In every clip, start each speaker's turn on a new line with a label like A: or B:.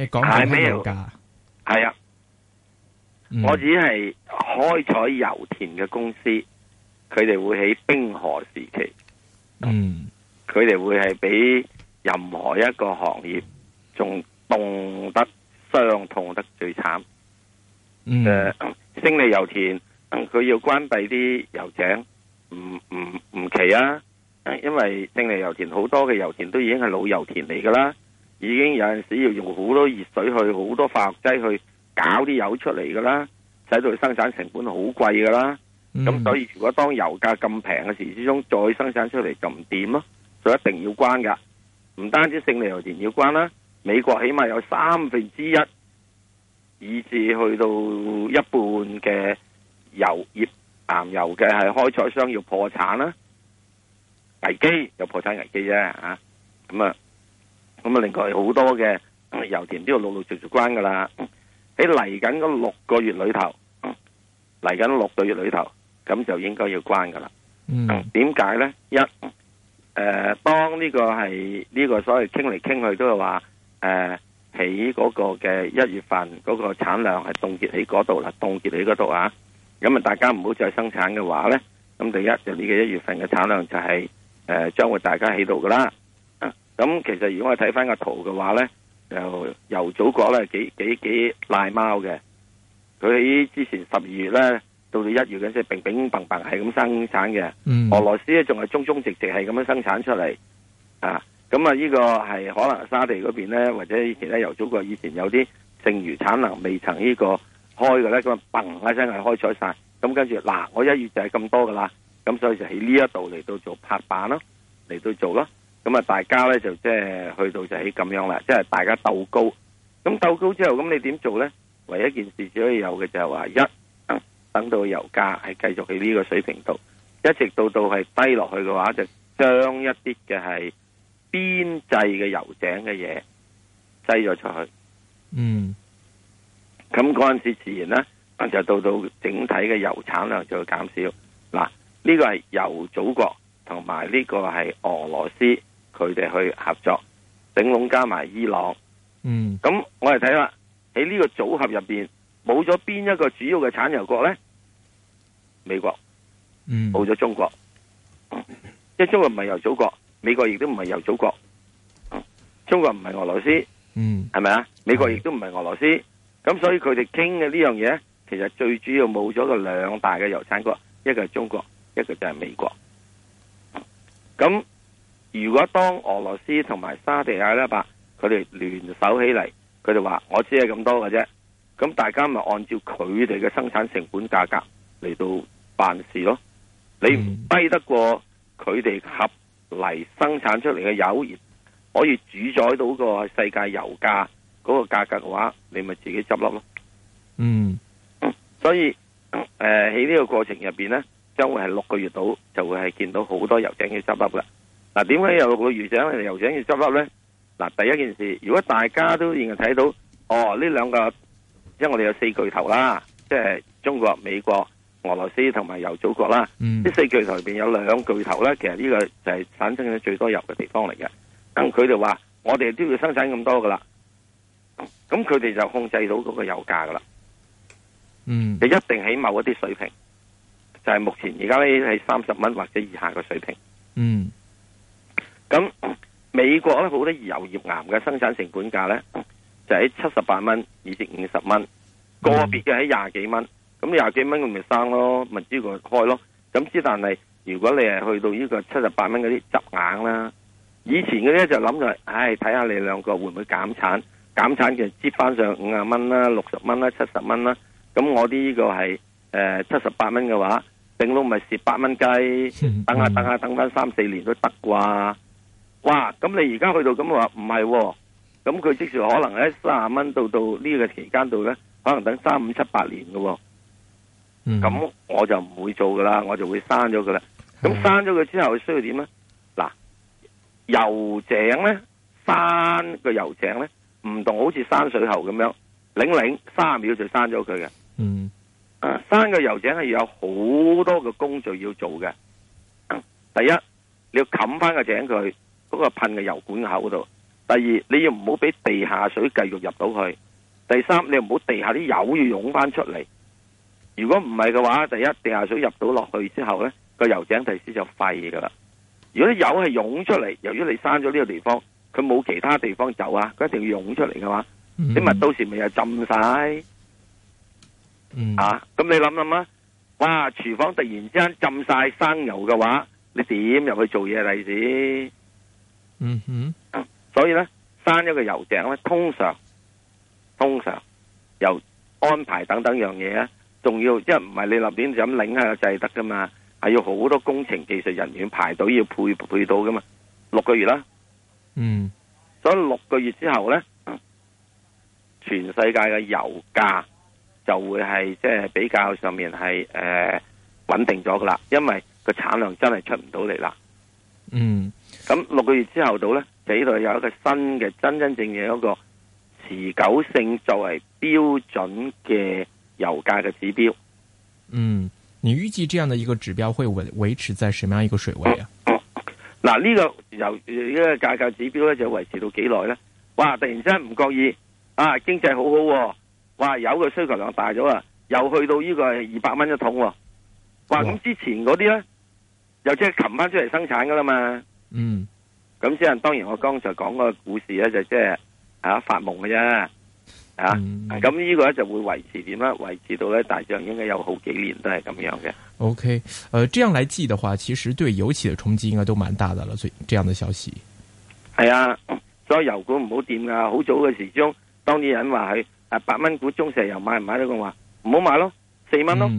A: 你
B: 係啊，嗯、我只係開採油田嘅公司，佢哋會喺冰河時期，佢哋、嗯、會係比任何一個行業仲凍得傷痛得最慘。
C: 誒、嗯，
B: 勝、呃、利油田佢要關閉啲油井，唔唔唔奇啊，因為勝利油田好多嘅油田都已經係老油田嚟噶啦。已經有陣時要用好多熱水去，好多化學劑去搞啲油出嚟噶啦，使到佢生產成本好貴噶啦。咁、嗯、所以如果當油價咁平嘅時之中再生產出嚟就唔掂咯，就一定要關噶。唔單止勝利油田要關啦，美國起碼有三分之一以至去到一半嘅油業岩油嘅係開採商要破產啦，危機有破產危機啫啊！咁啊～咁啊，另外好多嘅、嗯、油田都要陸陸續續關噶啦。喺嚟緊六個月裏頭，嚟緊六個月裏頭，咁就應該要關噶啦。點解咧？一誒、呃，當呢個係呢、呢個所謂傾嚟傾去都係話，誒、呃，喺嗰個嘅一月份嗰個產量係凍結喺嗰度啦，凍結喺嗰度啊。咁啊，大家唔好再生產嘅話咧，咁第一就呢個一月份嘅產量就係、是、誒、呃，將會大家喺度噶啦。咁其實如果我睇翻個圖嘅話咧，由由祖國咧幾幾幾賴貓嘅，佢喺之前十二月咧到到一月嘅，即係乒乒嘭嘭，係咁生產嘅，嗯、俄羅斯咧仲係忠忠直直係咁樣生產出嚟，啊，咁啊呢個係可能沙地嗰邊咧或者以前咧由祖國以前有啲剩餘產能未曾呢個開嘅咧咁啊，嘭一聲係開採晒，咁跟住嗱，啊、我一月就係咁多噶啦，咁所以就喺呢一度嚟到做拍板咯，嚟到做咯。咁啊，大家咧就即係去到就喺咁樣啦，即係大家鬥高，咁鬥高之後，咁你點做咧？唯一一件事只可以有嘅就係話一，等到油價係繼續喺呢個水平度，一直到到係低落去嘅話，就將一啲嘅係邊際嘅油井嘅嘢擠咗出去。嗯，咁嗰陣時自然咧，就到到整體嘅油產量就會減少。嗱，呢個係油祖國同埋呢個係俄羅斯。佢哋去合作，頂籠加埋伊朗。嗯，咁我哋睇下，喺呢個組合入邊，冇咗邊一個主要嘅產油國呢？美國，嗯，冇咗中國，即係中國唔係由祖國，美國亦都唔係由祖國。中國唔係俄羅斯，嗯，係咪啊？美國亦都唔係俄羅斯。咁、嗯、所以佢哋傾嘅呢樣嘢，其實最主要冇咗個兩大嘅油產國，一個係中國，一個就係美國。咁如果當俄羅斯同埋沙地阿拉伯佢哋聯手起嚟，佢哋話我只係咁多嘅啫，咁大家咪按照佢哋嘅生產成本價格嚟到辦事咯。你唔低得過佢哋合嚟生產出嚟嘅油，可以主宰到個世界油價嗰個價格嘅話，你咪自己執笠咯。嗯，所以誒喺呢個過程入邊呢，將會係六個月度，就會係見到好多油井嘅執笠噶。嗱，點解又會預想油想要執笠咧？嗱，第一件事，如果大家都認為睇到，哦，呢兩個，因為我哋有四巨頭啦，即係中國、美國、俄羅斯同埋油祖國啦，呢、嗯、四巨頭入邊有兩巨頭咧，其實呢個就係產生咗最多油嘅地方嚟嘅。咁佢哋話，我哋都要生產咁多噶啦，咁佢哋就控制到嗰個油價噶啦，嗯，就一定喺某一啲水平，就係、是、目前而家咧係三十蚊或者以下嘅水平，嗯。咁美國咧好多油頁岩嘅生產成本價呢，就喺七十八蚊，以至五十蚊，個別嘅喺廿幾蚊。咁廿幾蚊佢咪生咯，咪知個開咯。咁之但係如果你係去到呢個七十八蚊嗰啲執硬啦，以前嗰啲就諗住，唉，睇下你兩個會唔會減產，減產就接翻上五十蚊啦、六十蚊啦、七十蚊啦。咁我啲呢個係誒七十八蚊嘅話，頂到咪蝕八蚊雞？等下等下等翻三四年都得啩。哇！咁你而家去到咁話唔係，咁佢、哦、即時可能喺卅蚊到到呢個期間度咧，可能等三五七八年嘅、哦。咁、嗯、我就唔會做噶啦，我就會閂咗佢啦。咁閂咗佢之後需要點咧？嗱，油井咧，閂個油井咧，唔同好似閂水喉咁樣，擰擰卅秒就閂咗佢嘅。嗯，啊閂個油井係有好多嘅工序要做嘅。第一，你要冚翻個井佢。嗰個噴嘅油管口嗰度，第二，你要唔好俾地下水繼續入到去，第三，你要唔好地下啲油要湧翻出嚟。如果唔係嘅話，第一，地下水入到落去之後呢個油井第時就廢噶啦。如果啲油係湧出嚟，由於你閂咗呢個地方，佢冇其他地方走啊，佢一定要湧出嚟嘅嘛。你咪、mm hmm. 到時咪又浸晒。Mm hmm. 啊，咁你諗諗啊，哇！廚房突然之間浸晒生油嘅話，你點入去做嘢嚟先？嗯哼，mm hmm. 所以咧，翻一個油井咧，通常，通常由安排等等樣嘢啊，仲要因為唔係你立亂就咁領下個掣得噶嘛？係要好多工程技術人員排隊要配配到噶嘛？六個月啦，嗯、
C: mm，hmm.
B: 所以六個月之後咧，全世界嘅油價就會係即係比較上面係誒穩定咗噶啦，因為個產量真係出唔到嚟啦，嗯、mm。Hmm. 咁六個月之後到咧，就呢度有一個新嘅真真正正一個持久性作為標準嘅油價嘅指標。
D: 嗯，你預計這樣的一個指標會維維持在什麼樣一個水位
B: 啊？嗱、哦，呢、哦這個油呢、這個價格指標咧就維持到幾耐咧？哇！突然之間唔覺意啊，經濟好好、哦，哇！油嘅需求量大咗啊，又去到呢個二百蚊一桶、哦，哇！咁哇之前嗰啲咧，又即係擒翻出嚟生產噶啦嘛。嗯，咁即係當然，我剛才講個故事咧，就即係啊發夢嘅啫，啊，咁呢個咧就會維持點咧，維持到咧大將應該有好幾年都係咁樣嘅。
D: OK，誒，這樣嚟計嘅話，其實對油企嘅衝擊應該都蠻大嘅啦。所以這樣嘅消息
B: 係啊，所以油股唔好掂噶。好早嘅時鐘，當啲人話係誒八蚊股中石油買唔買咧？我話唔好買咯，四蚊咯，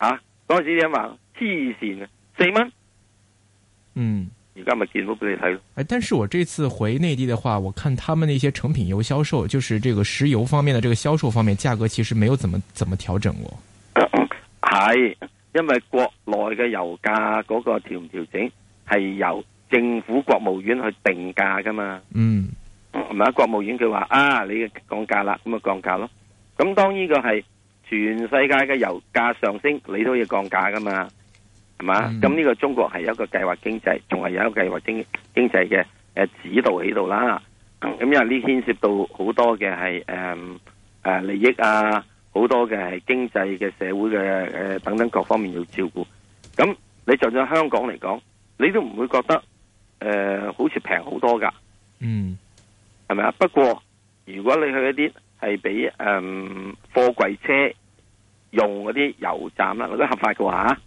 B: 吓嗰陣時啲人話黐線啊，四蚊，嗯。而家咪見咗俾你睇
D: 咯。誒，但是我這次回內地的話，我看他們那些成品油銷售，就是這個石油方面的這個銷售方面，價格其實沒有怎麼怎麼調整過。
B: 過係，因為國內嘅油價嗰個調唔調整係由政府國務院去定價噶嘛。嗯，同埋國務院佢話啊，你降價啦，咁啊降價咯。咁當呢個係全世界嘅油價上升，你都要降價噶嘛。係嘛？咁呢、嗯、個中國係有一個計劃經濟，仲係有計劃經經濟嘅誒指導喺度啦。咁、嗯、因為呢牽涉到好多嘅係誒誒利益啊，好多嘅係經濟嘅、社會嘅誒、呃、等等各方面要照顧。咁、嗯、你就算香港嚟講，你都唔會覺得誒、呃、好似平好多噶？
C: 嗯，
B: 係咪啊？不過如果你去一啲係俾誒貨櫃車用嗰啲油站啦，嗰啲合法嘅話。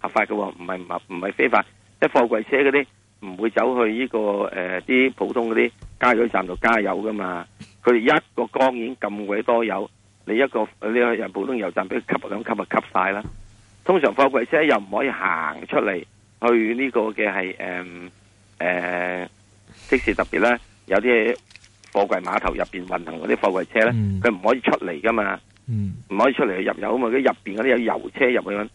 B: 合法嘅，唔係唔係非法。啲貨櫃車嗰啲唔會走去呢、這個誒，啲、呃、普通嗰啲加油站度加油噶嘛。佢一個缸已經咁鬼多油，你一個你去入普通油站俾佢吸兩吸啊，吸晒啦。通常貨櫃車又唔可以行出嚟去呢個嘅係誒誒，即時特別咧，有啲貨櫃碼頭入邊運行嗰啲貨櫃車咧，佢唔、嗯、可以出嚟噶嘛，唔、嗯、可以出嚟去入油啊嘛。啲入邊嗰啲有油車入去。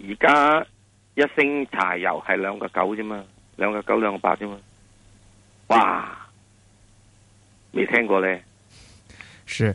B: 而家一升柴油係兩個九啫嘛，兩個九兩個八啫嘛，哇，未是聽過咧。
D: 是。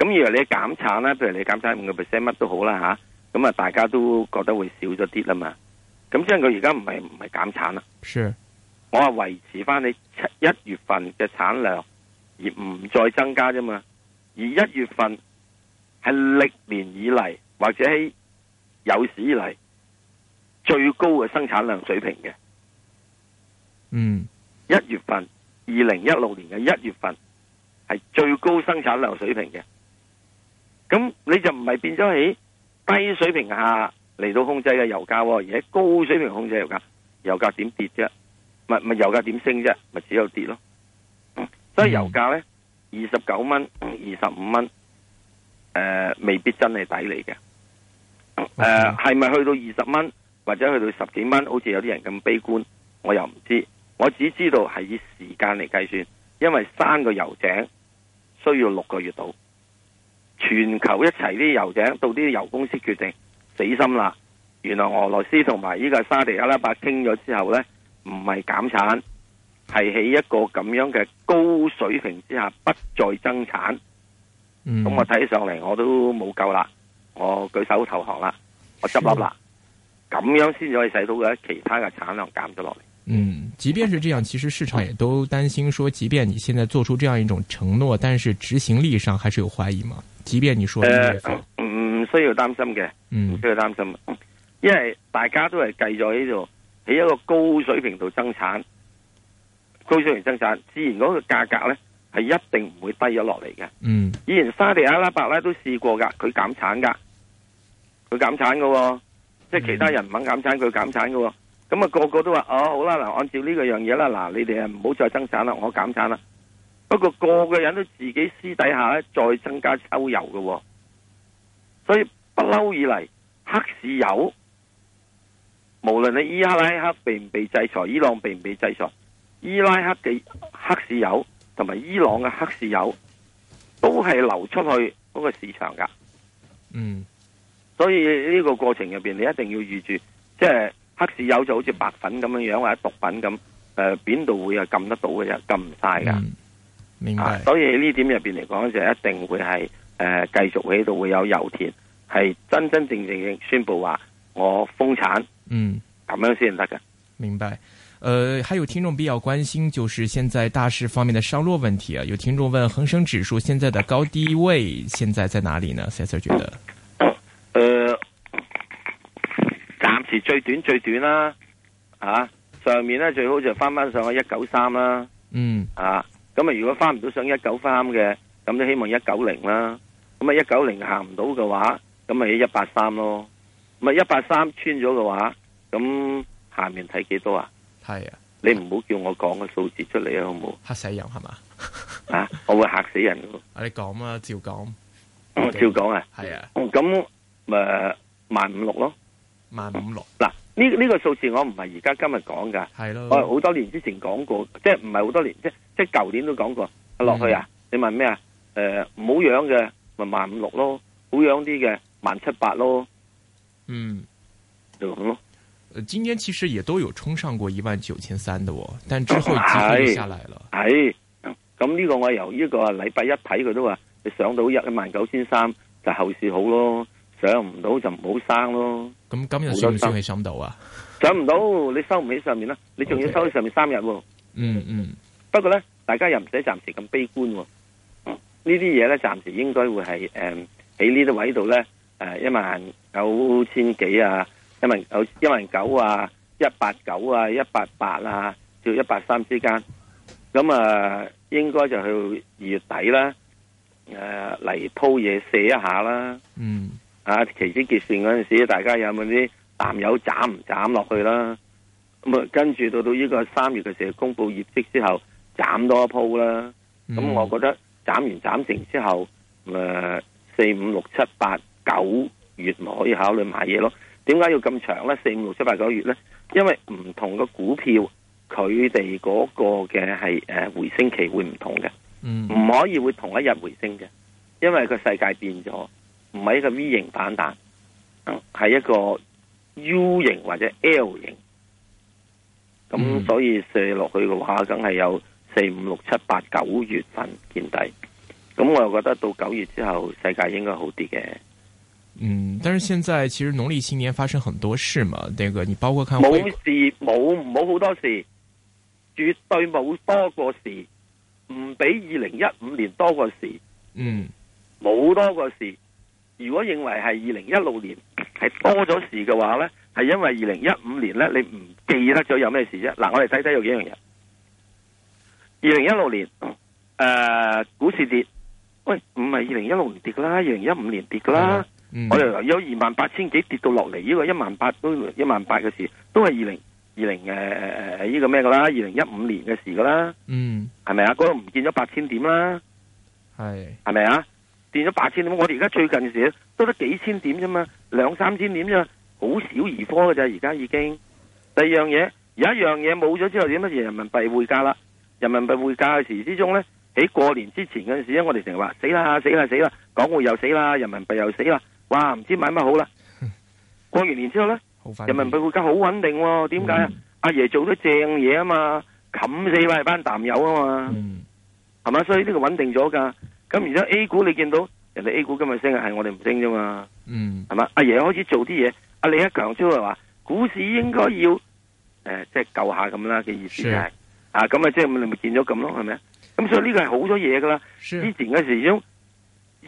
B: 咁以為你減產啦，譬如你減產五個 percent，乜都好啦吓。咁啊，大家都覺得會少咗啲啦嘛。咁即係佢而家唔係唔係減產啦，是我話維持翻你七一月份嘅產量，而唔再增加啫嘛。而一月份係歷年以嚟或者喺有史以嚟最高嘅生產量水平嘅。嗯，一月份二零一六年嘅一月份係最高生產量水平嘅。咁你就唔係變咗喺低水平下嚟到控制嘅油價喎，哦，而喺高水平控制油價，油價點跌啫？咪咪油價點升啫？咪只有跌咯。所以油價呢，二十九蚊、二十五蚊，未必真係抵你嘅。誒、呃，係咪 Okay. 去到二十蚊或者去到十幾蚊？好似有啲人咁悲觀，我又唔知。我只知道係以時間嚟計算，因為三個油井需要六個月度。全球一齊啲油井，到啲油公司決定死心啦。原來俄羅斯同埋呢個沙特阿拉伯傾咗之後咧，唔係減產，係喺一個咁樣嘅高水平之下不再增產，咁、嗯、我睇上嚟我都冇救啦，我舉手投降啦，我執笠啦。咁樣先可以使到嘅其他嘅產量減咗落嚟。
D: 嗯，即便是這樣，其實市場也都擔心，說即便你現在做出這樣一種承諾，但是執行力上還是有懷疑嘛？即便你說
B: 唔、呃呃呃、需要擔心嘅，唔、嗯、需要擔心嘅，因為大家都係計在呢度喺一個高水平度生產，高水平生產，自然嗰個價格呢係一定唔會低咗落嚟嘅。嗯，以前沙地阿拉伯呢都試過噶，佢減產噶，佢減產噶，即係、哦嗯、其他人唔肯減產，佢減產噶、哦。咁啊，個個都話哦，好啦，嗱，按照呢個樣嘢啦，嗱，你哋啊唔好再增產啦，我減產啦。不過個個人都自己私底下咧再增加抽油嘅，哦，所以不嬲以嚟黑市油，無論你伊拉克被唔被制裁，伊朗被唔被制裁，伊拉克嘅黑市油同埋伊朗嘅黑市油，都係流出去嗰個市場噶。嗯，所以呢個過程入邊，你一定要預住，即係。黑市油就好似白粉咁樣樣或者毒品咁，誒、呃，邊度會有禁得到嘅？又禁唔晒噶明白。啊、所以呢點入邊嚟講，就一定會係誒、呃、繼續喺度會有油田，係真真正正宣布話我封產，嗯，咁樣先得噶。
D: 明白。誒、呃，還有聽眾比較關心，就是現在大市方面嘅上落問題啊。有聽眾問恒生指數現在的高低位，現在在哪裏呢？石 Sir 覺得？
B: 最短最短啦、啊，吓、啊、上面咧最好就翻翻上去一九三啦，嗯啊，咁、嗯、啊如果翻唔到上一九三嘅，咁都希望一九零啦，咁啊一九零行唔到嘅話，咁咪一八三咯，咪一八三穿咗嘅話，咁下面睇幾多啊？係啊，你唔好叫我講個數字出嚟啊，好唔
D: 好？吓死人係嘛？是
B: 啊，我會吓死人咯你講、
D: 呃、咯。你講啦，照講，照
B: 講啊，係啊，咁咪萬五六咯。萬五六嗱，呢呢個數字我唔係而家今日講噶，咯我係好多年之前講過，即係唔係好多年，即即舊年都講過落、啊、去啊！嗯、你問咩啊？誒、呃、唔好養嘅咪萬五六咯，好養啲嘅萬七八咯。嗯，就咁咯。
D: 誒，今年其實亦都有衝上過一萬九千三的，我但之後，哎、之後下嚟
B: 了。係咁呢個我由呢個禮拜一睇佢都話，你上到一一萬九千三就後市好咯。上唔到就唔好生咯。
D: 咁今日仲收起上
B: 到啊？上唔到，你收唔起上面啦。你仲要收喺上面三日。嗯嗯、Okay.
D: mm。
B: Hmm. 不過咧，大家又唔使暫時咁悲觀。這些東西，呢啲嘢咧，暫時應該會係，誒喺呢啲位度咧，誒一萬九千幾啊，一萬九一萬九啊，一八九啊，一八八啊，到一，、啊、一八三之間。咁、嗯、啊，應該就去到二月底啦。誒嚟鋪嘢卸一下啦。嗯。啊！期指結算嗰陣時候，大家有冇啲淡友斬唔斬落去啦？咁啊，跟住到到呢個三月嘅時候，公布業績之後，斬多一波啦。咁我覺得斬完斬成之後，咁四五六七八九月咪可以考慮買嘢咯？點解要咁長咧？四五六七八九月咧，因為唔同嘅股票佢哋嗰個嘅係誒回升期會唔同嘅，唔可以會同一日回升嘅，因為個世界變咗。唔係一個 V 型反彈，嗯，係一個 U 型或者 L 型，咁、嗯、所以射落去嘅話，梗係有四五六七八九月份見底，咁我又覺得到九月之後世界應該好啲嘅。
D: 嗯，但是現在其實農曆新年發生很多事嘛，呢個你包括看冇
B: 事冇冇好多事，絕對冇多過事，唔比二零一五年多過事，
C: 嗯，
B: 冇多過事。如果認為係二零一六年係多咗事嘅話呢，係因為二零一五年呢，你唔記得咗有咩事啫。嗱，我哋睇睇有幾樣嘢。二零一六年，呃，股市跌，喂，唔係二零一六年跌噶啦，二零一五年跌噶啦。我哋有二萬八千幾跌到落嚟，呢個一萬八都一萬八嘅事，都係二零二零誒誒誒呢個咩噶啦，二零一五年嘅事噶啦。嗯，係咪啊？嗰度唔見咗八千點啦，
C: 係
B: 是，係咪啊？跌咗八千點，我哋而家最近嘅時都得幾千點啫嘛，兩三千點啫，好少兒科嘅咋。而家已經已。第二樣嘢，有一樣嘢冇咗之後，點乜嘢？人民幣匯價啦，人民幣匯價嘅時之中呢，喺過年之前嗰陣時我哋成日話死啦死啦死啦，港匯又死啦，人民幣又死啦，哇唔知買乜好啦。過完年之後呢， 人民幣匯價好穩定喎、哦，點解、mm. 啊？阿爺做咗正嘢啊嘛，冚死晒班淡友啊嘛，係嘛、mm.？所以呢個穩定咗噶。咁而家 A 股你見到人哋 A 股今日升，係我哋唔升啫嘛，嗯，係嘛？阿爺開始做啲嘢，阿李克強出嚟話股市應該要誒，即、欸、係、就係、救下咁啦嘅意思係、就係，是啊，咁啊即係咪見咗咁咯，係咪？咁所以呢個係好多嘢噶啦，是之前嘅時先。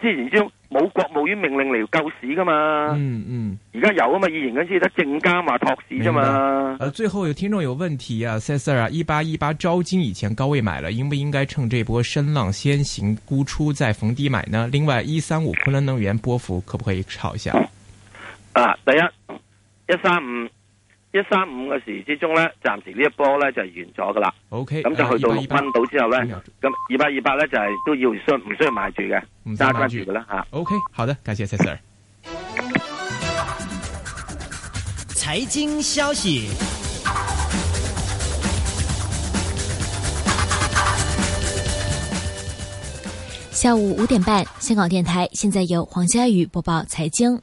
B: 之前先冇國務院命令嚟救市噶嘛，嗯嗯，而、嗯、家有啊嘛，以前嗰陣時得證監嘛托市
D: 啫嘛。啊，最後有聽眾有問題啊，C sir 啊，一八一八招金以前高位買了，應不應該趁這波升浪先行沽出，再逢低買呢？另外一三五昆侖能源波幅可不可以炒一下？啊，
B: 第一一三五，一三五嘅時之中咧，暫時呢一波咧就完咗噶啦。
D: O K，咁就去到奔到
B: 之後咧，咁二百二百咧就係、是、都要需唔需要買住嘅？大家關注啦吓。O、
D: okay, K，好的，感謝石 Sir 財經消
E: 息，下午五點半，香港電台現在由黃家宇播報財經。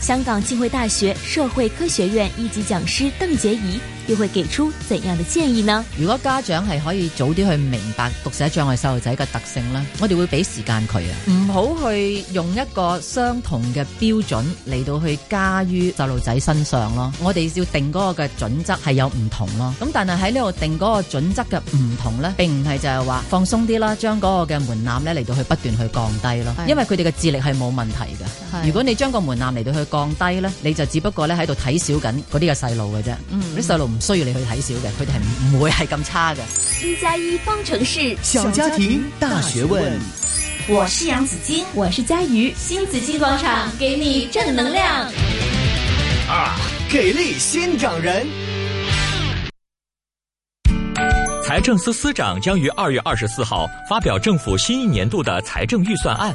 E: 香港浸會大學社會科學院一級講師鄧潔儀又會給出怎樣的建議呢？如果家長係可以早啲去明白讀寫障礙細路仔嘅特性咧，我哋會俾時間佢啊，唔好去用一個相同嘅標準嚟到去加於細路仔身上咯。我哋要定嗰個嘅準則係有唔同咯。咁但係喺呢度定嗰個準則嘅唔同咧，並唔係就係話放鬆啲啦，將嗰個嘅門檻咧嚟到去不斷去降低咯，是的 因為佢哋嘅智力係冇問題嘅。是的 如果你將個門檻嚟到去降低咧，你就只不過咧喺度睇小緊嗰啲嘅細路嘅啫，嗯，啲細路唔需要你去睇小嘅，佢哋係唔會係咁差嘅。一加一，方程式，小家庭大學問。學問，我是楊子晶，我是嘉瑜，新紫金廣場給你正能量。二、啊、給力新掌人。
F: 財政司司長將於二月二十四號發表政府新一年度的財政預算案，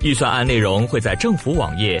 F: 預算案內容會在政府網頁。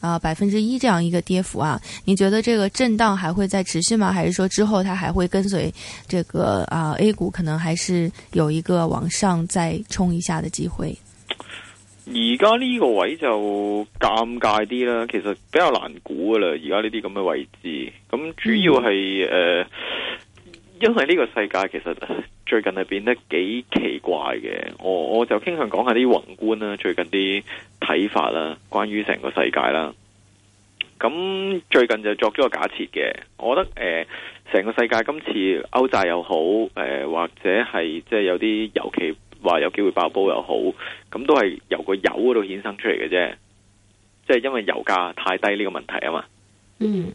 A: 啊，百分之一這樣一個跌幅啊，你覺得這個震盪還會再持續嗎？還是說之後它還會跟隨這個啊 A 股可能還是有一個往上再衝一下的機會？
F: 而家呢個位就尷尬啲啦，其實比較難估噶啦，而家呢啲咁嘅位置，咁主要係誒。嗯呃因為呢個世界其實最近係變得幾奇怪嘅，我我就傾向講下啲宏觀啦，最近啲睇法啦，關於成個世界啦。咁最近就作咗個假設嘅，我覺得誒，成、呃、個世界今次歐債又好，誒、呃、或者係即係有啲尤其話有機會爆煲又好，咁都係由個油嗰度衍生出嚟嘅啫，即係因為油價太低呢個問題啊嘛。嗯。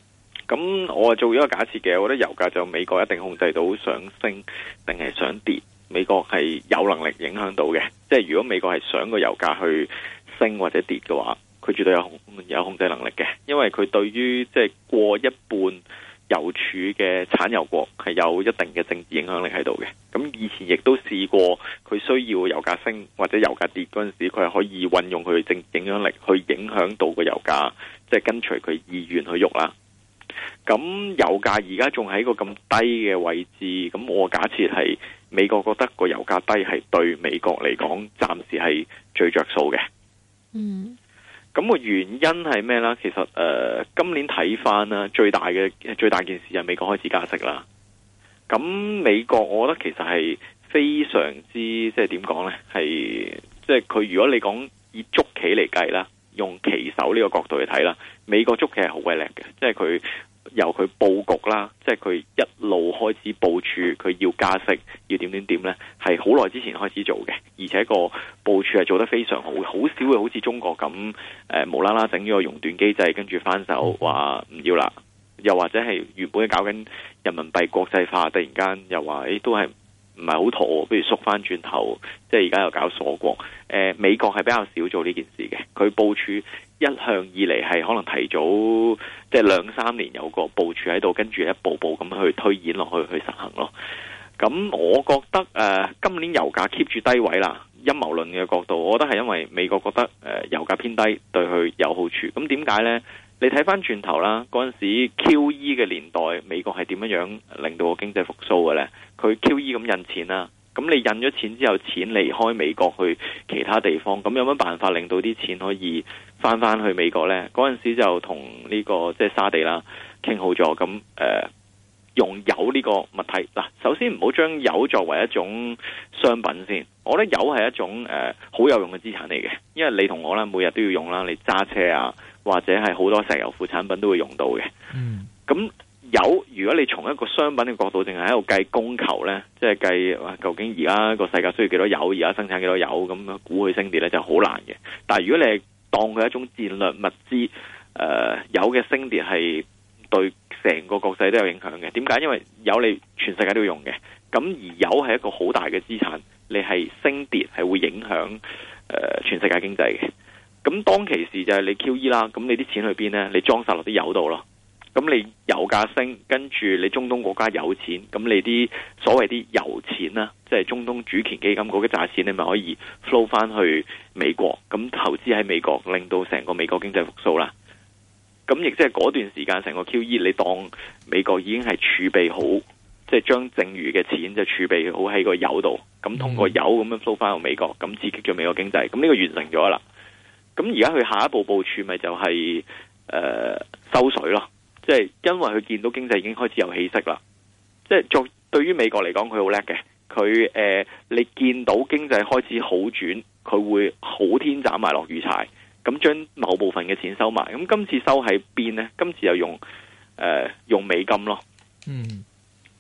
F: 咁我做咗個假設嘅，我覺得油價就美國一定控制到，想升定係想跌，美國係有能力影響到嘅。即係如果美國係想個油價去升或者跌嘅話，佢絕對有有控制能力嘅。因為佢對於即係過一半油儲嘅產油國係有一定嘅政治影響力喺度嘅。咁以前亦都試過，佢需要油價升或者油價跌嗰陣時，佢係可以運用佢嘅政治影響力去影響到個油價，即係跟隨佢意願去喐啦。咁油價而家仲喺一個咁低嘅位置，咁我假設係美國覺得個油價低係對美國嚟講暫時係最着數嘅。嗯，咁個原因係咩啦？其實誒、呃，今年睇翻啦，最大嘅最大件事就係美國開始加息啦。咁美國我覺得其實係非常之，即係點講呢？係即係佢如果你講以捉棋嚟計啦，用棋手呢個角度去睇啦，美國捉棋係好鬼叻嘅，即係佢。由佢布局啦，即係佢一路開始部署，佢要加息，要點點點咧，係好耐之前開始做嘅，而且個部署係做得非常好，好少會好似中國咁誒、呃、無啦啦整咗個熔斷機制，跟住翻手話唔要啦，又或者係原本搞緊人民幣國際化，突然間又話誒、欸、都係。唔係好妥，不如縮翻轉頭。即係而家又搞鎖國，呃、美國係比較少做呢件事嘅。佢部署一向以嚟係可能提早，即係兩三年有個部署喺度，跟住一步步咁去推演落去，去實行咯。咁我覺得、呃、今年油價 keep 住低位啦。陰謀論嘅角度，我覺得係因為美國覺得、呃、油價偏低對佢有好處。咁點解呢？你睇翻轉頭啦，嗰陣時 QE 嘅年代，美國係點樣樣令到個經濟復甦嘅呢？佢 QE 咁印錢啦，咁你印咗錢之後，錢離開美國去其他地方，咁有乜辦法令到啲錢可以翻翻去美國呢？嗰陣時就同呢、這個即係、就是、沙地啦傾好咗，咁誒、呃、用油呢個物體嗱，首先唔好將油作為一種商品先，我覺得油係一種誒好、呃、有用嘅資產嚟嘅，因為你同我啦，每日都要用啦，你揸車啊。或者係好多石油副產品都會用到嘅。咁油，嗯，如果你從一個商品嘅角度，淨係喺度計供求呢，即係計究竟而家個世界需要幾多油，而家生產幾多油，咁估佢升跌呢就好難嘅。但係如果你係當佢一種戰略物資，誒、呃，油嘅升跌係對成個國際都有影響嘅。點解？因為油你全世界都要用嘅，咁而油係一個好大嘅資產，你係升跌係會影響誒、呃、全世界經濟嘅。咁當其時就係你 Q.E. 啦，咁你啲錢去邊呢？你裝晒落啲油度咯。咁你油價升，跟住你中東國家有錢，咁你啲所謂啲油錢啦，即係中東主權基金嗰啲炸錢，你咪可以 flow 翻去美國，咁投資喺美國，令到成個美國經濟復蘇啦。咁亦即係嗰段時間，成個 Q.E. 你當美國已經係儲備好，即係將剩餘嘅錢就儲備好喺個油度，咁通過油咁樣 flow 翻去美國，咁刺激咗美國經濟，咁呢個完成咗啦。咁而家佢下一步部署咪就係、是、誒、呃、收水咯，即係因為佢見到經濟已經開始有氣息啦。即係作對於美國嚟講佢好叻嘅，佢誒、呃、你見到經濟開始好轉，佢會好天斬埋落雨柴，咁將某部分嘅錢收埋。咁今次收喺邊咧？今次又用誒、呃、用美金咯。嗯，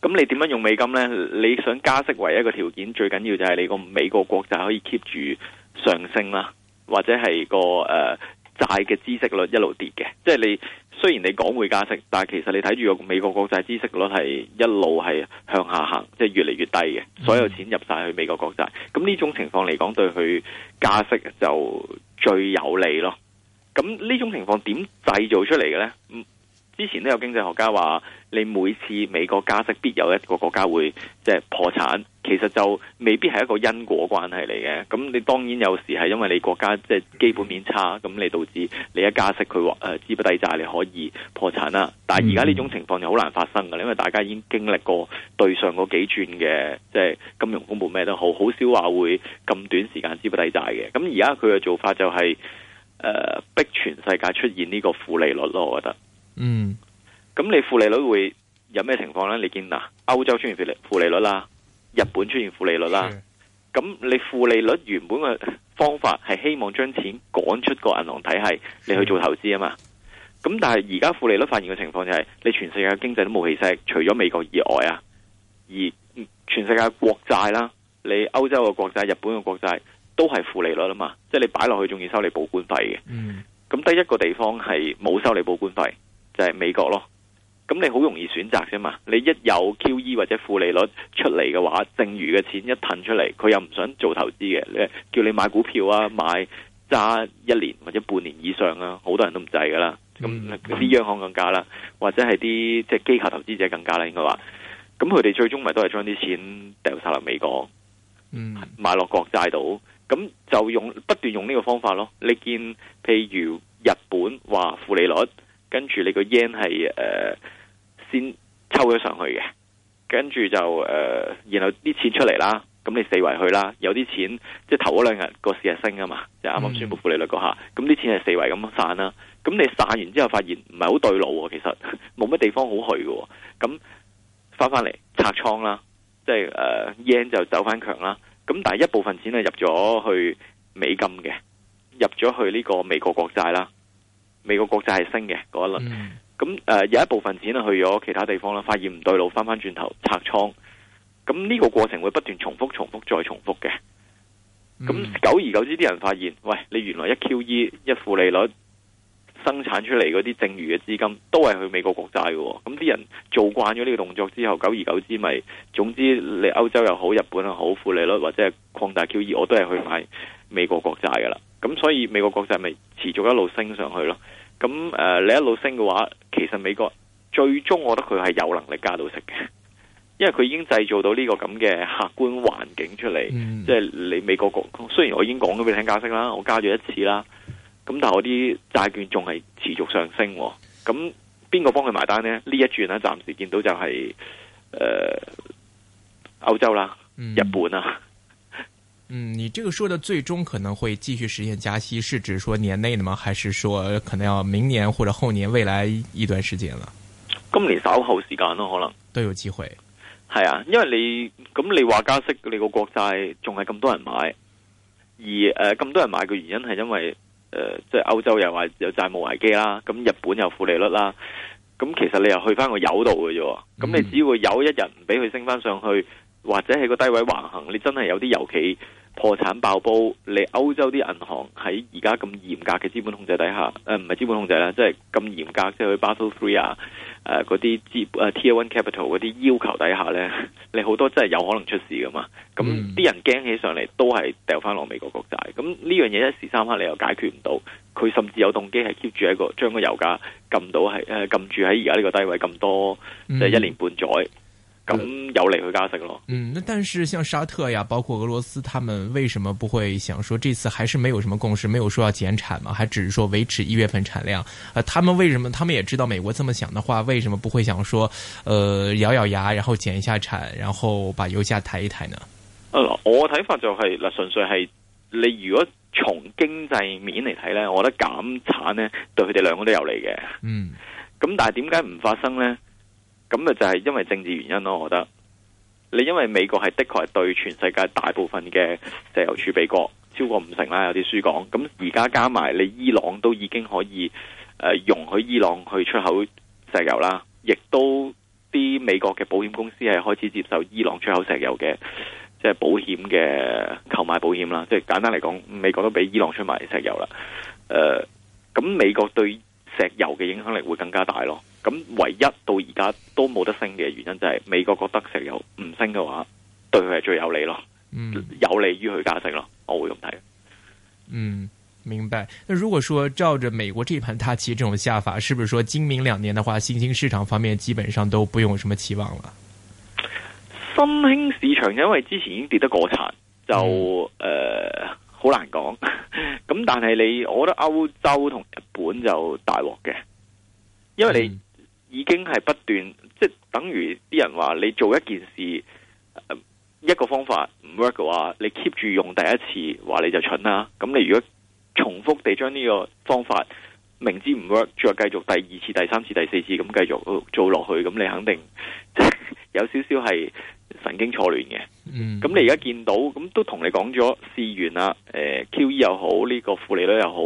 F: 咁你點樣用美金咧？你想加息為一,一個條件，最緊要就係你個美國國債可以 keep 住上升啦。或者係個誒、呃、債嘅孳息率一路跌嘅，即係你雖然你講會加息，但係其實你睇住個美國國債孳息率係一路係向下行，即係越嚟越低嘅，所有錢入晒去美國國債，咁呢種情況嚟講對佢加息就最有利咯。咁呢種情況點製造出嚟嘅呢？之前都有經濟學家話，你每次美國加息，必有一個國家會即係破產。其實就未必係一個因果關係嚟嘅。咁你當然有時係因為你國家即係基本面差，咁你導致你一加息佢話誒資不抵債，你可以破產啦。但係而家呢種情況就好難發生㗎，因為大家已經經歷過對上嗰幾轉嘅即係金融風暴咩都好，好少話會咁短時間資不抵債嘅。咁而家佢嘅做法就係、是、誒、呃、逼全世界出現呢個負利率咯，我覺得。嗯，咁你負利率會有咩情況咧？你見嗱，歐洲出現負利負利率啦，日本出現負利率啦。咁的你負利率原本嘅方法係希望將錢趕出個銀行體係你去做投資啊嘛。咁的但係而家負利率發現嘅情況就係、是，你全世界經濟都冇起息，除咗美國以外啊，而全世界國債啦，你歐洲嘅國債、日本嘅國債都係負利率啦嘛，即、就、係、是、你擺落去仲要收你保管費嘅。咁、嗯、第一個地方係冇收你保管費。就係美國咯，咁你好容易選擇啫嘛。你一有 QE 或者負利率出嚟嘅話，剩餘嘅錢一褪出嚟，佢又唔想做投資嘅，你叫你買股票啊，買揸一年或者半年以上啊，好多人都唔制噶啦。咁啲、嗯、央行更加啦，或者係啲即係機構投資者更加啦，應該話，咁佢哋最終咪都係將啲錢掉晒落美國，嗯、買落國債度，咁就用不斷用呢個方法咯。你見譬如日本話負利率。跟住你個 yen 係誒先抽咗上去嘅，跟住就誒、呃，然後啲錢出嚟啦，咁你四圍去啦，有啲錢即係頭嗰兩日個市係升㗎嘛，就啱啱宣佈負利率嗰下，咁啲錢係四圍咁散啦，咁你散完之後發現唔係好對路喎、啊，其實冇乜地方好去喎、啊。咁翻翻嚟拆倉啦，即係誒 yen 就走翻強啦，咁但係一部分錢係入咗去美金嘅，入咗去呢個美國國債啦。美國國債係升嘅嗰一輪，咁誒、呃、有一部分錢去咗其他地方啦，發現唔對路，返返轉頭拆倉，咁呢個過程會不斷重複、重複再重複嘅。
C: 咁
F: 久而久之，啲人發現，喂，你原來一 QE 一負利率生產出嚟嗰啲剩餘嘅資金都係去美國國債嘅，咁啲人做慣咗呢個動作之後，久而久之咪、就是、總之，你歐洲又好，日本又好，負利率或者係擴大 QE，我都係去買美國國債噶啦。咁、嗯、所以美國國債咪持續一路升上去咯。咁誒、呃、你一路升嘅話，其實美國最終我覺得佢係有能力加到息嘅，因為佢已經製造到呢個咁嘅客觀環境出嚟。即係、嗯、你美國國雖然我已經講咗俾你聽加息啦，我加咗一次啦。咁但係我啲債券仲係持續上升。咁邊個幫佢埋單呢？呢一轉咧，暫時見到就係、是、誒、呃、歐洲啦、日本啦。嗯
D: 嗯，你這個說的最終可能會繼續實現加息，是指說年內的嗎？還是說可能要明年或者後年未來一段時間了？
F: 今年稍後時間咯，可能都有機會。係啊，因為你咁你話加息，你個國債仲係咁多人買，而誒咁、呃、多人買嘅原因係因為誒，即、呃、係、就是、歐洲又話有債務危機啦，咁日本又負利率啦，咁其實你又去翻個油度嘅啫，咁、嗯、你只要有一日唔俾佢升翻上去，或者喺個低位橫行，你真係有啲油企。破產爆煲，你歐洲啲銀行喺而家咁嚴格嘅資本控制底下，誒唔係資本控制啦，即係咁嚴格，即係 Basel three 啊，誒嗰啲 Tier one capital 嗰啲要求底下呢，你好多真係有可能出事噶嘛？咁啲、嗯、人驚起上嚟，都係掉翻落美國國債。咁呢樣嘢一時三刻你又解決唔到，佢甚至有動機係 keep 住喺個將個油價撳到係誒撳住喺而家呢個低位咁多，即係、嗯、一年半載。咁有利佢
D: 加息咯。嗯，但是像沙特呀，包括俄羅斯，他們為什麼不會想說，這次還是沒有什麼共識，沒有說要減產嘛？還只是說維持一月份產量。啊，他們為什麼？他們也知道美國這麼想的話，為什麼不會想說，呃，咬咬牙，然後減一下產，然後把油價抬一抬呢？
F: 啊，我睇法就係、是、嗱，純粹係你如果從經濟面嚟睇咧，我覺得減產咧對佢哋兩個都有利嘅。嗯。咁但係點解唔發生咧？咁咪就係因為政治原因咯，我覺得你因為美國係的確係對全世界大部分嘅石油儲備國超過五成啦，有啲輸港。咁而家加埋你伊朗都已經可以誒、呃、容許伊朗去出口石油啦，亦都啲美國嘅保險公司係開始接受伊朗出口石油嘅，就是，即係保險嘅購買保險啦。即係簡單嚟講，美國都俾伊朗出賣石油啦。誒、呃，咁美國對石油嘅影響力會更加大咯。咁唯一到而家都冇得升嘅原因，就係美國覺得石油唔升嘅話，對佢係最有利咯，嗯、有利於佢加息咯。我會好用睇？
D: 嗯，明白。那如果說照着美國這盤大棋，這種下法，是不是說今明兩年的話，新興市場方面基本上都不用什麼期望了？
F: 新興市場因為之前已經跌得過慘，就誒好、嗯呃、難講。咁 但係你，我覺得歐洲同日本就大鑊嘅，因為你。嗯已經係不斷，即等於啲人話你做一件事，一個方法唔 work 嘅話，你 keep 住用第一次，話你就蠢啦。咁你如果重複地將呢個方法明知唔 work，再繼續第二次、第三次、第四次咁繼續做落去，咁你肯定有少少係神經錯亂嘅。咁、嗯、你而家見到，咁都同你講咗，試完啦，誒、呃、QE 又好，呢、呢個負利率又好，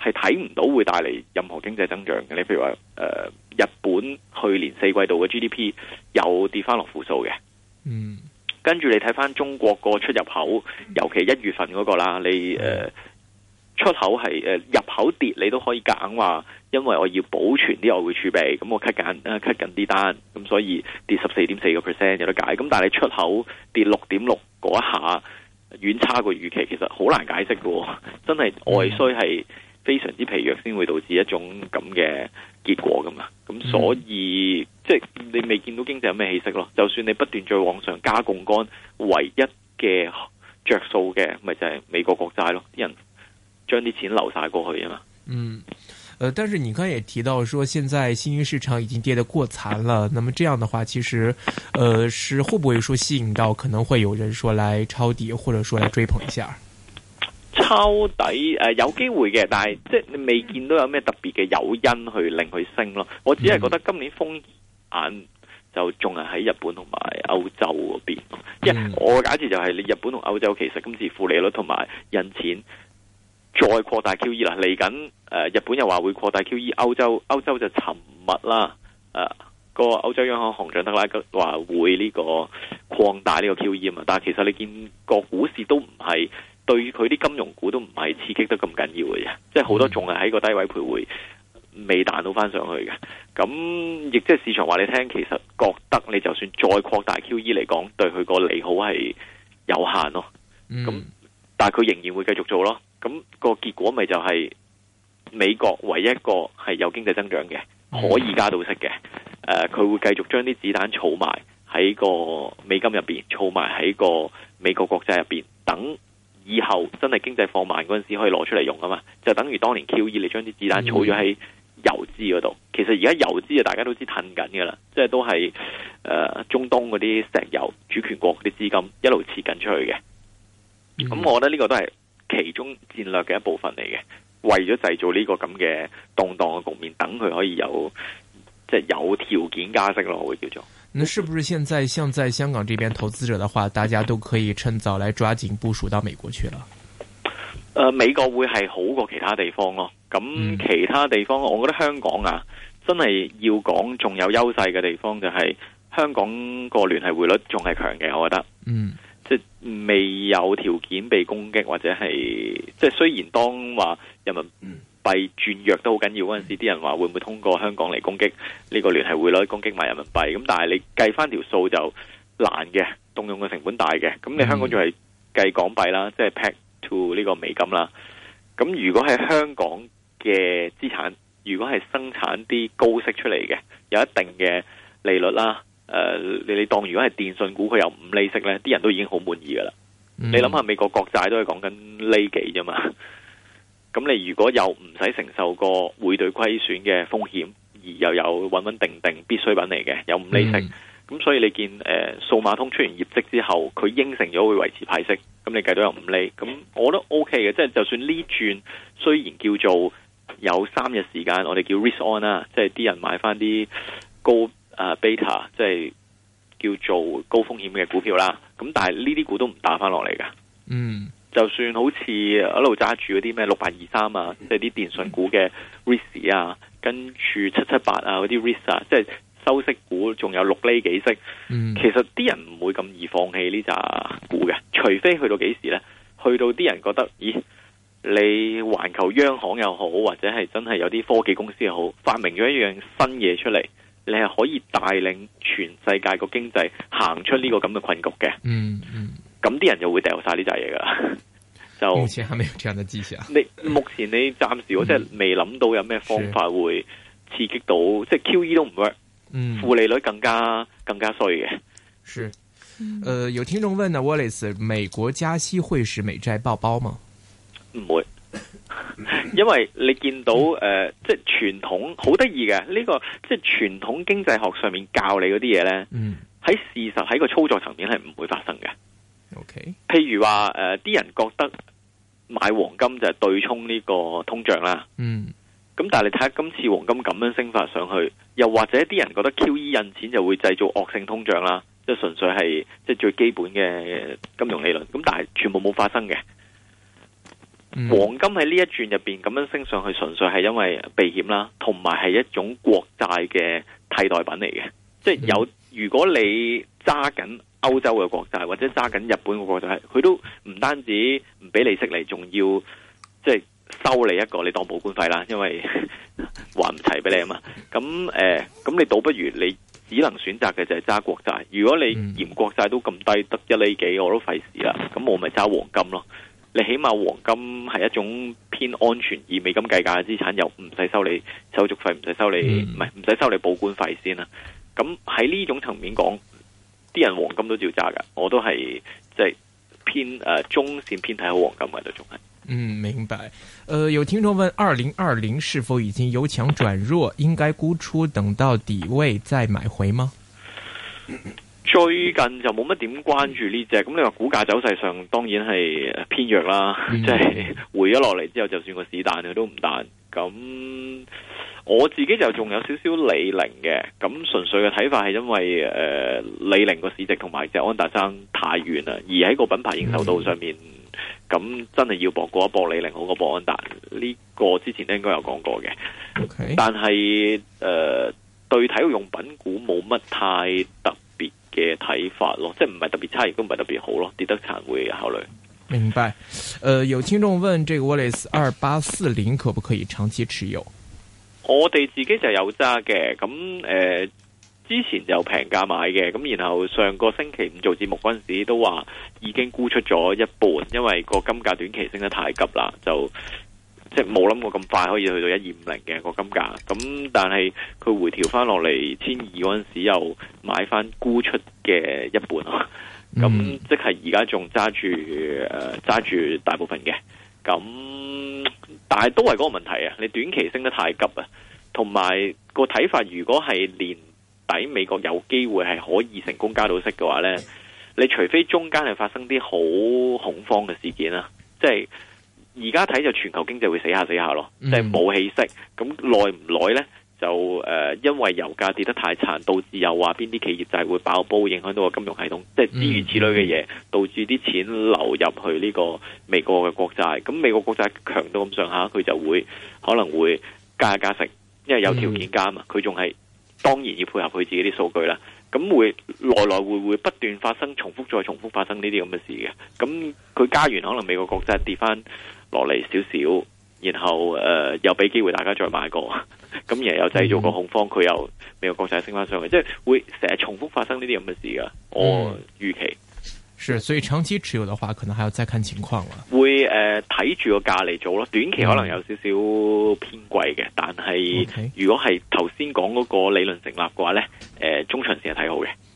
F: 係睇唔到會帶嚟任何經濟增長嘅。你譬如話，誒、呃。日本去年四季度嘅 GDP 有跌翻落負數嘅，嗯，跟住你睇翻中國個出入口，尤其一月份嗰個啦，你、呃、出口係、呃、入口跌，你都可以夾硬話，因為我要保存啲外匯儲備，咁我 cut 緊、啊、cut 緊啲單，咁所以跌十四點四個 percent 有得解。咁但係你出口跌六點六嗰一下，遠差個預期，其實好難解釋嘅，真係外需係。嗯非常之疲弱，先會導致一種咁嘅結果噶嘛。咁所以、嗯、即你未見到經濟有咩起色咯。就算你不斷再往上加槓桿，唯一嘅着數嘅咪就係美國國債咯。啲人將啲錢留晒過去啊嘛。嗯、
D: 呃。但是你剛才也提到，說現在新興市場已經跌得過殘了，那麼這樣的話，其實、呃、是會不會說吸引到可能會有人說來抄底，或者說來追捧一下？
F: 抄底誒、呃，有機會嘅，但係即係你未見到有咩特別嘅誘因去令佢升咯。我只係覺得今年風險就仲係喺日本同埋歐洲嗰邊。即係我假設就係你日本同歐洲其實今次負利率同埋印錢再擴大 QE 啦。嚟緊誒，日本又話會擴大 QE，歐洲歐洲就沉默啦。誒、呃，個歐洲央行行長德拉吉話會呢個擴大呢個 QE 啊嘛，但係其實你見個股市都唔係。對佢啲金融股都唔係刺激得咁緊要嘅啫，即係好多仲係喺個低位徘徊，未彈到翻上去嘅。咁亦即係市場話你聽，其實覺得你就算再擴大 QE 嚟講，對佢個利好係有限咯。咁、嗯、但係佢仍然會繼續做咯。咁、個結果咪就係美國唯一一個係有經濟增長嘅，嗯、可以加到息嘅。誒、呃，佢會繼續將啲子彈儲埋喺個美金入邊，儲埋喺個美國國債入邊等。以後真係經濟放慢陣時可以攞出嚟用啊嘛，就等於當年 QE 你將啲子彈儲咗喺油資度。其實而家油資啊，大家都知褪緊噶啦，即係都係誒、呃、中東嗰啲石油主權國啲資金一路撤緊出去嘅。
C: 咁、
F: 嗯、我覺得呢個都係其中戰略嘅一部分嚟嘅，為咗製造呢個咁嘅動蕩嘅局面，等佢可以有即係、就是、有條件加息咯，我會叫做。
D: 那是不是現在像在香港這邊投資者的話，大家都可以趁早來抓緊部署到美國去了？
F: 誒、呃，美國會係好過其他地方咯。咁其他地方，我覺得香港啊，真係要講仲有優勢嘅地方就係、是、香港嘅聯繫匯率仲係強嘅，我覺得。
C: 嗯，
F: 即未有條件被攻擊或者係，即雖然當話人民嗯。幣轉弱都好緊要嗰陣時，啲人話會唔會通過香港嚟攻擊呢個聯繫匯率，攻擊埋人民幣？咁但係你計翻條數就難嘅，動用嘅成本大嘅。咁你香港仲係計港幣啦，即係 peg to 呢個美金啦。咁如果係香港嘅資產，如果係生產啲高息出嚟嘅，有一定嘅利率啦，誒、呃，你你當如果係電信股，佢有五厘息呢，啲人都已經好滿意噶啦。你諗下美國國債都係講緊呢幾啫嘛。咁你如果有唔使承受個匯兌虧損嘅風險，而又有穩穩定定必須品嚟嘅，有五厘息，咁、嗯、所以你見誒，數、呃、碼通出完業績之後，佢應承咗會維持派息，咁你計到有五厘，咁我都 OK 嘅，即、就、係、是、就算呢轉雖然叫做有三日時間，我哋叫 risk on 啦、啊，即係啲人買翻啲高誒、呃、beta，即係叫做高風險嘅股票啦，咁但係呢啲股都唔打翻落嚟㗎，嗯。就算好似一路揸住嗰啲咩六八二三啊，即係啲電信股嘅 risk 啊，跟住七七八啊嗰啲 risk 啊，即係收息股，仲有六厘幾息，嗯、其實啲人唔會咁易放棄呢扎股嘅，除非去到幾時咧？去到啲人覺得，咦，你環球央行又好，或者係真係有啲科技公司又好，發明咗一樣新嘢出嚟，你係可以帶領全世界個經濟行出呢個咁嘅困局嘅、嗯。嗯嗯。咁啲人就會掉晒呢扎嘢噶， 就目
D: 前還沒有這樣的支持啊。
F: 你目前你暫時我真係未諗到有咩方法會刺激到，是即係 QE 都唔 work，
D: 嗯，負
F: 利率更加更加衰嘅。
D: 是，呃，有聽眾問啊，Wallace，美國加息會使美債爆包，包嗎？唔
F: 不會， 因為你見到誒、呃，即係傳統好得意嘅呢個，即係傳統經濟學上面教你嗰啲嘢咧，喺、嗯、事實喺個操作層面係唔會發生嘅。OK，譬如話誒，啲，呃，人覺得買黃金就係對沖呢個通脹啦。嗯，咁但係你睇下今次黃金咁樣升法上去，又或者啲人覺得 QE 印錢就會製造惡性通脹啦，即係純粹係即係最基本嘅金融理論。咁但係全部冇發生嘅。
C: Mm. 黃
F: 金喺呢一轉入邊咁樣升上去，純粹係因為避險啦，同埋係一種國債嘅替代品嚟嘅。即係有，mm. 如果你揸緊。歐洲嘅國債或者揸緊日本嘅國債，佢都唔單止唔俾利息你，仲要即係、就是、收你一個你當保管費啦，因為還唔齊俾你啊嘛。咁誒，咁、呃、你倒不如你只能選擇嘅就係揸國債。如果你嫌國債都咁低得一厘幾，我都費事啦。咁我咪揸黃金咯。你起碼黃金係一種偏安全而美金計價嘅資產，又唔使收你手續費，唔使收你唔係唔使收你保管費先啦。咁喺呢種層面講。啲人黃金都照揸噶，我都係即係偏誒、呃、中線偏睇好黃金嘅，都仲係。嗯，
D: 明白。誒、呃，有聽眾問：二零二零是否已經由強轉弱？應該沽出，等到底位再買回嗎？
F: 最近就冇乜點關注呢隻，咁你話股價走勢上，當然係偏弱啦。即係、嗯、回咗落嚟之後，就算個市彈，佢都唔彈。咁我自己就仲有少少李寧嘅，咁純粹嘅睇法係因為誒、呃、李寧個市值同埋隻安踏爭太遠啦，而喺個品牌認受度上面，咁 Okay. 真係要博過一博李寧好過博安踏。呢、這個之前應應該有講過嘅。Okay. 但係誒、呃、對體育用品股冇乜太特別嘅睇法咯，即係唔係特別差亦都唔係特別好咯，跌得殘會考慮。
D: 明白，誒、呃，有聽眾問：這個 Wallace 二八四零，可不可以長期持有？
F: 我哋自己就有揸嘅，咁誒、呃，之前就平價買嘅，咁然後上個星期五做節目嗰陣時都話已經沽出咗一半，因為個金價短期升得太急啦，就即係冇諗過咁快可以去到一二五零嘅個金價，咁但係佢回調翻落嚟千二嗰陣時又買翻沽出嘅一半。咁、嗯、即係而家仲揸住誒揸住大部分嘅，咁但係都係嗰個問題啊！你短期升得太急啊，同埋個睇法，如果係年底美國有機會係可以成功加到息嘅話呢，你除非中間係發生啲好恐慌嘅事件啊，即係而家睇就全球經濟會死下死下咯，即係冇起色，咁耐唔耐呢？就誒、呃，因為油價跌得太慘，導致又話邊啲企業就係會爆煲，影響到個金融系統，即係諸如此類嘅嘢，嗯、導致啲錢流入去呢個美國嘅國債。咁美國國債強到咁上下，佢就會可能會加一加息，因為有條件加嘛。佢仲係當然要配合佢自己啲數據啦。咁會來來回回不斷發生，重複再重複發生呢啲咁嘅事嘅。咁佢加完，可能美國國債跌翻落嚟少少，然後誒、呃、又俾機會大家會再買過。咁又有製造個恐慌，佢又美國國債升翻上去，即係會成日重複發生呢啲咁嘅事噶。
D: 我預期、嗯、是，所以長期持有嘅話，可能還要再看情況啦。
F: 會誒睇住個價嚟做咯，短期可能有少少偏貴嘅，但係如果係頭先講嗰個理論成立嘅話咧，誒、呃、中長時係睇好嘅。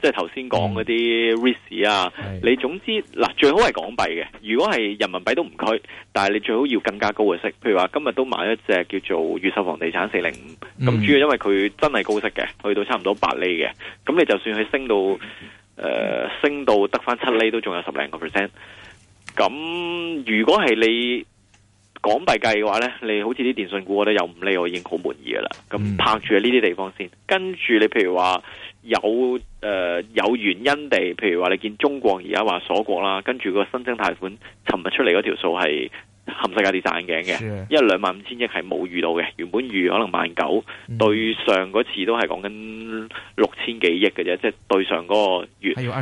F: 即係頭先講嗰啲 risk 啊，係、係你總之嗱最好係港幣嘅。如果係人民幣都唔拘，但係你最好要更加高嘅息。譬如話今日都買一隻叫做越秀房地產四零五，咁主要因為佢真係高息嘅，去到差唔多八厘嘅。咁你就算佢升到誒、呃、升到得返七厘都，都仲有十零個 percent。咁如果係你。港幣計嘅話呢，你好似啲電訊股，我覺得又唔利，我已經好滿意㗎啦。咁拍住喺呢啲地方先，跟住你譬如話有誒、呃、有原因地，譬如話你見中國而家話鎖國啦，跟住個新增貸款尋日出嚟嗰條數係冚世界跌曬眼鏡嘅，是的 因為兩萬五千億係冇預到嘅，原本預可能萬九，對上嗰次都係講緊六千幾億嘅啫，即、就、係、是、對上嗰個月。還有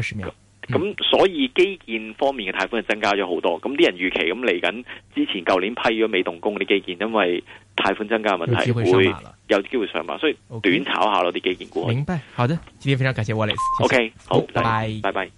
F: 咁、嗯、所以基建方面嘅貸款係增加咗好多，咁啲人預期咁嚟緊，之前舊年批咗未動工啲基建，因為貸款增加嘅問題會，有機會有機會上馬，所以短炒下咯啲基建股。明
D: 白，好的，今天非常感謝 Wallace，OK，、okay，好，拜拜，
F: 拜拜。